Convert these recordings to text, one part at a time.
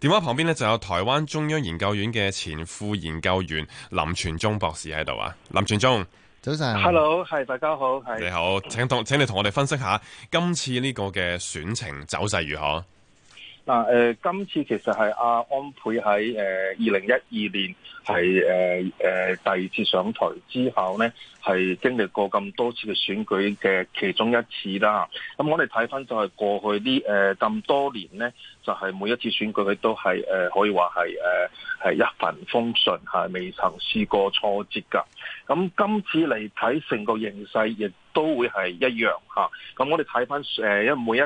電話旁邊咧就有台灣中央研究院嘅前副研究員林泉忠博士喺度啊。林泉忠，早晨，Hello，係大家好，你好，請同請你同我哋分析下今次呢個嘅選情走勢如何。嗱，誒，今次其實係阿安倍喺誒二零一二年係誒誒第二次上台之後呢係經歷過咁多次嘅選舉嘅其中一次啦。咁我哋睇翻就係過去呢誒咁多年呢就係、係、每一次選舉佢都係誒可以話係誒係一帆風順係，未曾試過挫折噶。咁今次嚟睇成個形勢亦都會係一樣嚇，咁我哋睇翻因為每一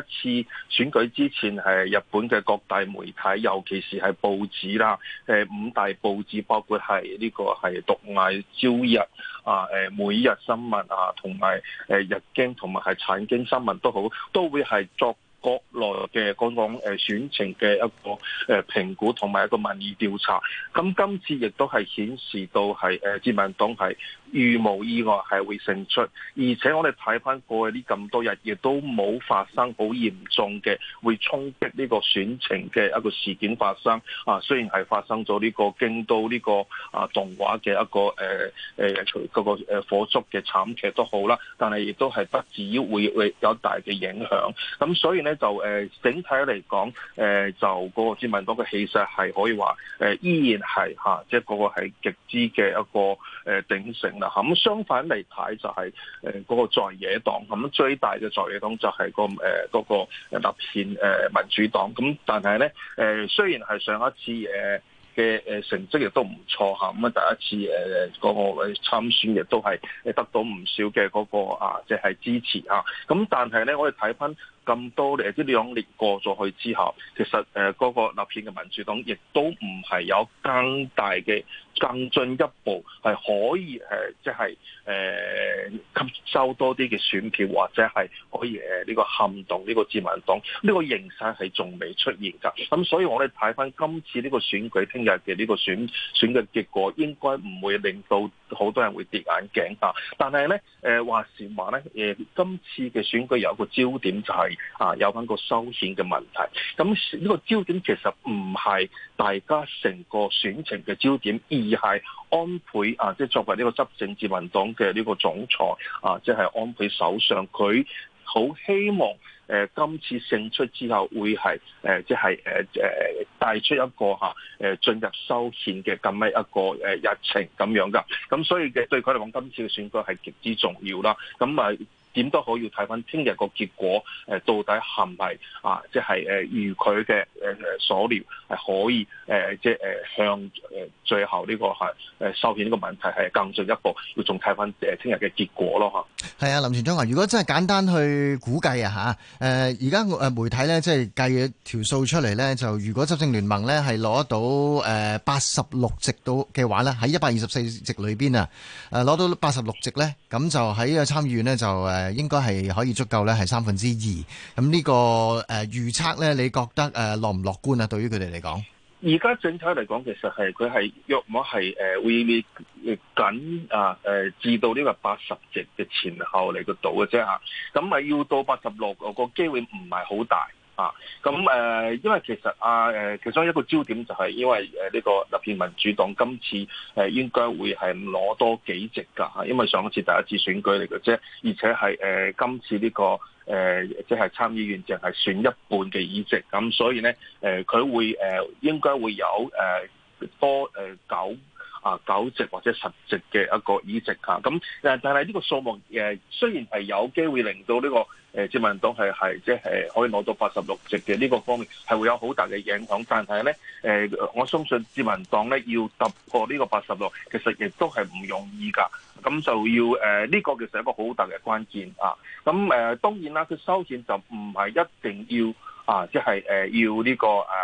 次選舉之前，係日本嘅各大媒體，尤其是係報紙啦，誒五大報紙，包括係呢個係讀賣、朝日啊、誒每日新聞啊，同埋誒日經同埋係產經新聞都好，都會係作國內嘅講講誒選情嘅一個誒評估同埋一個民意調查。咁今次亦都係顯示到係誒自民黨係。預無意外係會勝出，而且我哋睇翻過去呢咁多日，亦都冇發生好嚴重嘅會衝擊呢個選情嘅一個事件發生。啊，雖然係發生咗呢個京都呢個啊動畫嘅一個誒誒嗰個火燭嘅慘劇都好啦，但係亦都係不止會會有大嘅影響。咁所以咧就誒、呃、整體嚟講，誒、呃、就個自民黨嘅氣勢係可以話誒、呃、依然係嚇，即、啊、係、就是、個個係極之嘅一個誒鼎盛啦。咁相反嚟睇就係誒嗰個在野黨，咁最大嘅在野黨就係個誒嗰個立憲誒民主黨。咁但係咧誒，雖然係上一次誒嘅誒成績亦都唔錯吓，咁啊第一次誒嗰個參選亦都係誒得到唔少嘅嗰個啊，即係支持啊。咁但係咧，我哋睇翻，咁多嚟，即兩年過咗去之後，其實誒嗰個立憲嘅民主黨亦都唔係有更大嘅更進一步，係可以誒，即係誒吸收多啲嘅選票，或者係可以誒呢個撼動呢個自民黨呢個形勢係仲未出現㗎。咁所以我哋睇翻今次呢個選舉，聽日嘅呢個選選嘅結果，應該唔會令到好多人會跌眼鏡啊。但係咧誒話時話咧誒，今次嘅選舉有一個焦點就係。啊，有翻個修憲嘅問題，咁呢個焦點其實唔係大家成個選情嘅焦點，而係安倍啊，即係作為呢個執政自民黨嘅呢個總裁啊，即係安倍首相，佢好希望誒今次勝出之後會係誒即係誒誒帶出一個吓誒進入修憲嘅咁樣一個誒日程咁樣噶，咁所以嘅對佢嚟講，今次嘅選舉係極之重要啦，咁啊。點都好，要睇翻聽日個結果，誒到底係咪啊？即係誒如佢嘅誒誒所料係可以誒，即係誒向誒最後呢個係誒修憲呢個問題係更進一步，要仲睇翻誒聽日嘅結果咯。吓，係啊，林泉忠啊，如果真係簡單去估計啊，吓，誒而家誒媒體咧即係計條數出嚟咧，就如果執政聯盟咧係攞到誒八十六席到嘅話咧，喺一百二十四席裏邊啊，誒攞到八十六席咧，咁就喺個參院呢，就誒。應該係可以足夠咧，係三分之二。咁、這個呃、呢個誒預測咧，你覺得誒樂唔樂觀啊？對於佢哋嚟講，而家整體嚟講，其實係佢係約摸係誒會緊啊誒至到呢個八十席嘅前後嚟個度嘅啫吓。咁咪、啊、要到八十六個，個機會唔係好大。啊，咁誒、呃，因為其實啊，誒，其中一個焦點就係因為誒呢個立憲民主黨今次誒應該會係攞多幾席噶嚇，因為上一次第一次選舉嚟嘅啫，而且係誒、呃、今次呢、呢個誒即係參議院淨係選一半嘅議席，咁所以咧誒佢會誒、呃、應該會有誒、呃、多誒、呃、九。啊，九席或者十席嘅一個議席嚇，咁、啊、但但係呢個數目誒、啊，雖然係有機會令到呢、呢個誒，自、呃、民黨係係即係可以攞到八十六席嘅呢、呢個方面係會有好大嘅影響，但係咧誒，我相信自民黨咧要突破呢個八十六，其實亦都係唔容易噶，咁就要誒呢、啊呢個其實係一個好大嘅關鍵啊，咁誒、啊、當然啦，佢收錢就唔係一定要啊，即係誒要呢、呢個誒。啊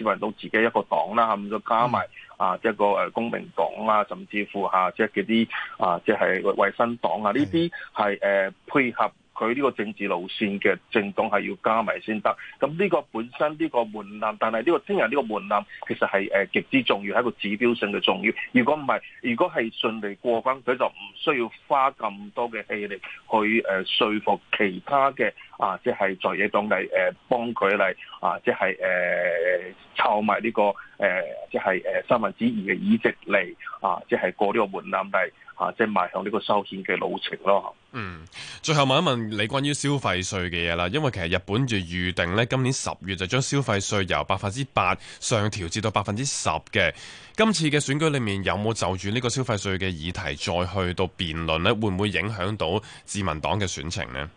支援到自己一個黨啦，咁就、 嗯、加埋啊，即、這、係個誒、呃、公民黨啊，甚至乎吓，即係嗰啲啊，即係衛生黨啊，呢啲係誒配合。佢呢個政治路線嘅政黨係要加埋先得，咁呢個本身呢個門檻，但係呢個聽日呢個門檻其實係誒極之重要，係一個指標性嘅重要。如果唔係，如果係順利過關，佢就唔需要花咁多嘅氣力去誒說服其他嘅啊，即係在野黨嚟誒幫佢嚟啊，即係誒湊埋呢個誒，即係誒三分之二嘅議席嚟啊，即係過呢個門檻嚟。但啊，即係邁向呢個修憲嘅路程咯。嗯，最後問一問你關於消費稅嘅嘢啦，因為其實日本就預定咧，今年十月就將消費稅由百分之八上調至到百分之十嘅。今次嘅選舉裏面有冇就住呢個消費稅嘅議題再去到辯論呢？會唔會影響到自民黨嘅選情呢？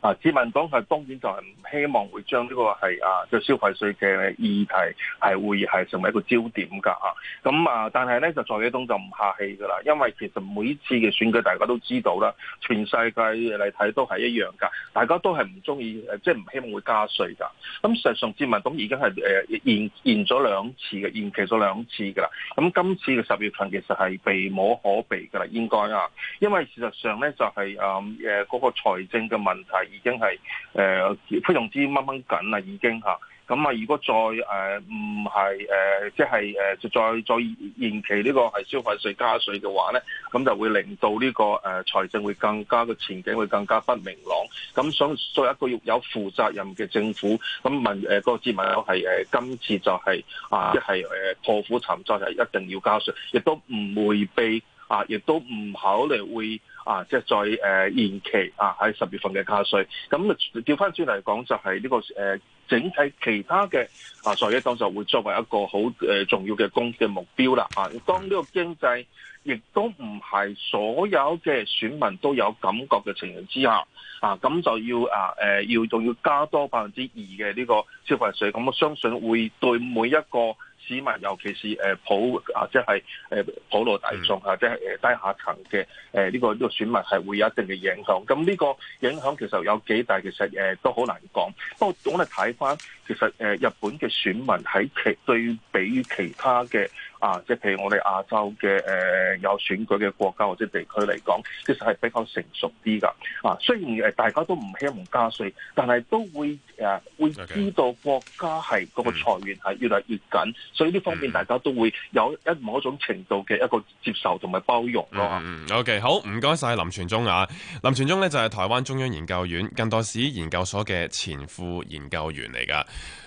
啊！自民黨係當然就係唔希望會將呢個係啊嘅消費稅嘅議題係會係成為一個焦點㗎嚇、啊。咁啊，但係咧就在野黨就唔客氣㗎啦，因為其實每次嘅選舉大家都知道啦，全世界嚟睇都係一樣㗎，大家都係唔中意，即係唔希望會加稅㗎。咁、嗯、實上自民黨已經係誒、呃、延延咗兩次嘅，延期咗兩次㗎啦。咁、嗯、今次嘅十月份其實係避無可避㗎啦，應該啊，因為事實上咧就係誒誒嗰個財政嘅問題。已經係誒非常之掹掹緊啦，已經嚇。咁啊，如果再誒唔係誒，即係誒、呃、再再延期呢個係消費稅加稅嘅話咧，咁就會令到呢、這個誒、呃、財政會更加嘅前景會更加不明朗。咁想作為一個有負責任嘅政府，咁問誒個市民係誒今次就係、是、啊、就是，即係誒破釜沉舟，係、就是、一定要加稅，亦都唔迴避啊，亦都唔考慮會。啊，即係再誒、呃、延期啊，喺十月份嘅加稅。咁、嗯、啊，調翻轉嚟講，就係、是、呢、這個誒、呃、整體其他嘅啊稅呢，當中會作為一個好誒、呃、重要嘅公嘅目標啦。啊，當呢個經濟亦都唔係所有嘅選民都有感覺嘅情形之下，啊，咁就要啊誒要仲要加多百分之二嘅呢個消費稅。咁、嗯、我相信會對每一個。市民尤其是誒普啊，即係誒普羅大眾或者係誒低下層嘅誒呢個呢、這個選民係會有一定嘅影響。咁呢個影響其實有幾大，其實誒、呃、都好難講。不過我哋睇翻其實誒、呃、日本嘅選民喺其對比其他嘅啊，即係譬如我哋亞洲嘅誒、呃、有選舉嘅國家或者地區嚟講，其實係比較成熟啲㗎。啊，雖然誒、呃、大家都唔希望加稅，但係都會誒、呃、會知道國家係嗰個財源係越嚟越緊。Okay. 嗯嗯。所以呢方面，大家都會有一某種程度嘅一個接受同埋包容咯、嗯。嗯，OK，好，唔該晒林泉忠啊。林泉忠呢就係台灣中央研究院近代史研究所嘅前副研究員嚟噶。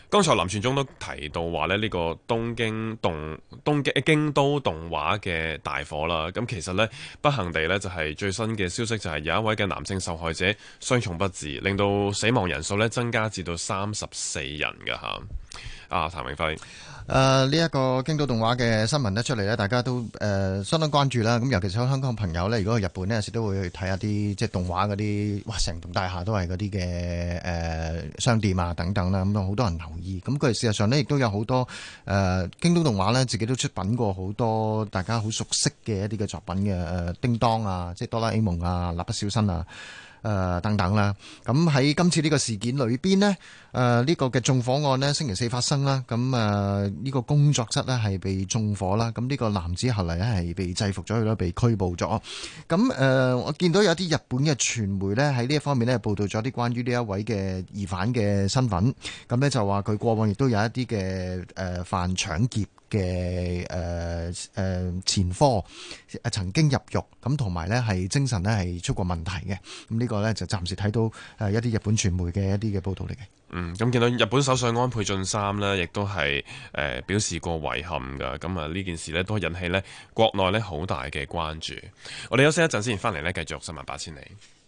剛才林泉忠都提到話呢，呢個東京動東京京都動畫嘅大火啦。咁其實呢，不幸地呢就係最新嘅消息就係有一位嘅男性受害者傷重不治，令到死亡人數呢增加至到三十四人㗎吓。啊，譚明輝，誒呢一個京都動畫嘅新聞一出嚟咧，大家都誒、呃、相當關注啦。咁尤其是香港朋友咧，如果去日本呢，有時都會去睇下啲即係動畫嗰啲，哇！成棟大廈都係嗰啲嘅誒商店啊等等啦。咁都好多人留意。咁、嗯、佢事實上呢，亦都有好多誒、呃、京都動畫呢，自己都出品過好多大家好熟悉嘅一啲嘅作品嘅誒、呃、叮當啊，即係哆啦 A 夢啊、蠟筆小新啊。誒，等等啦，咁喺今次呢個事件裏邊咧，誒呢個嘅縱火案咧，星期四發生啦，咁誒呢個工作室咧係被縱火啦，咁呢個男子後嚟咧係被制服咗，佢咧被拘捕咗。咁誒，我見到有啲日本嘅傳媒咧喺呢一方面咧報道咗啲關於呢一位嘅疑犯嘅身份，咁咧就話佢過往亦都有一啲嘅誒犯搶劫。嘅誒、誒前科，曾經入獄，咁同埋咧係精神咧係出過問題嘅，咁呢個呢，就暫時睇到誒一啲日本傳媒嘅一啲嘅報道嚟嘅。嗯，咁見到日本首相安倍晉三呢，亦都係誒、呃、表示過遺憾噶，咁啊呢件事咧都引起咧國內咧好大嘅關注。我哋休息一陣先，翻嚟咧繼續十萬八千里。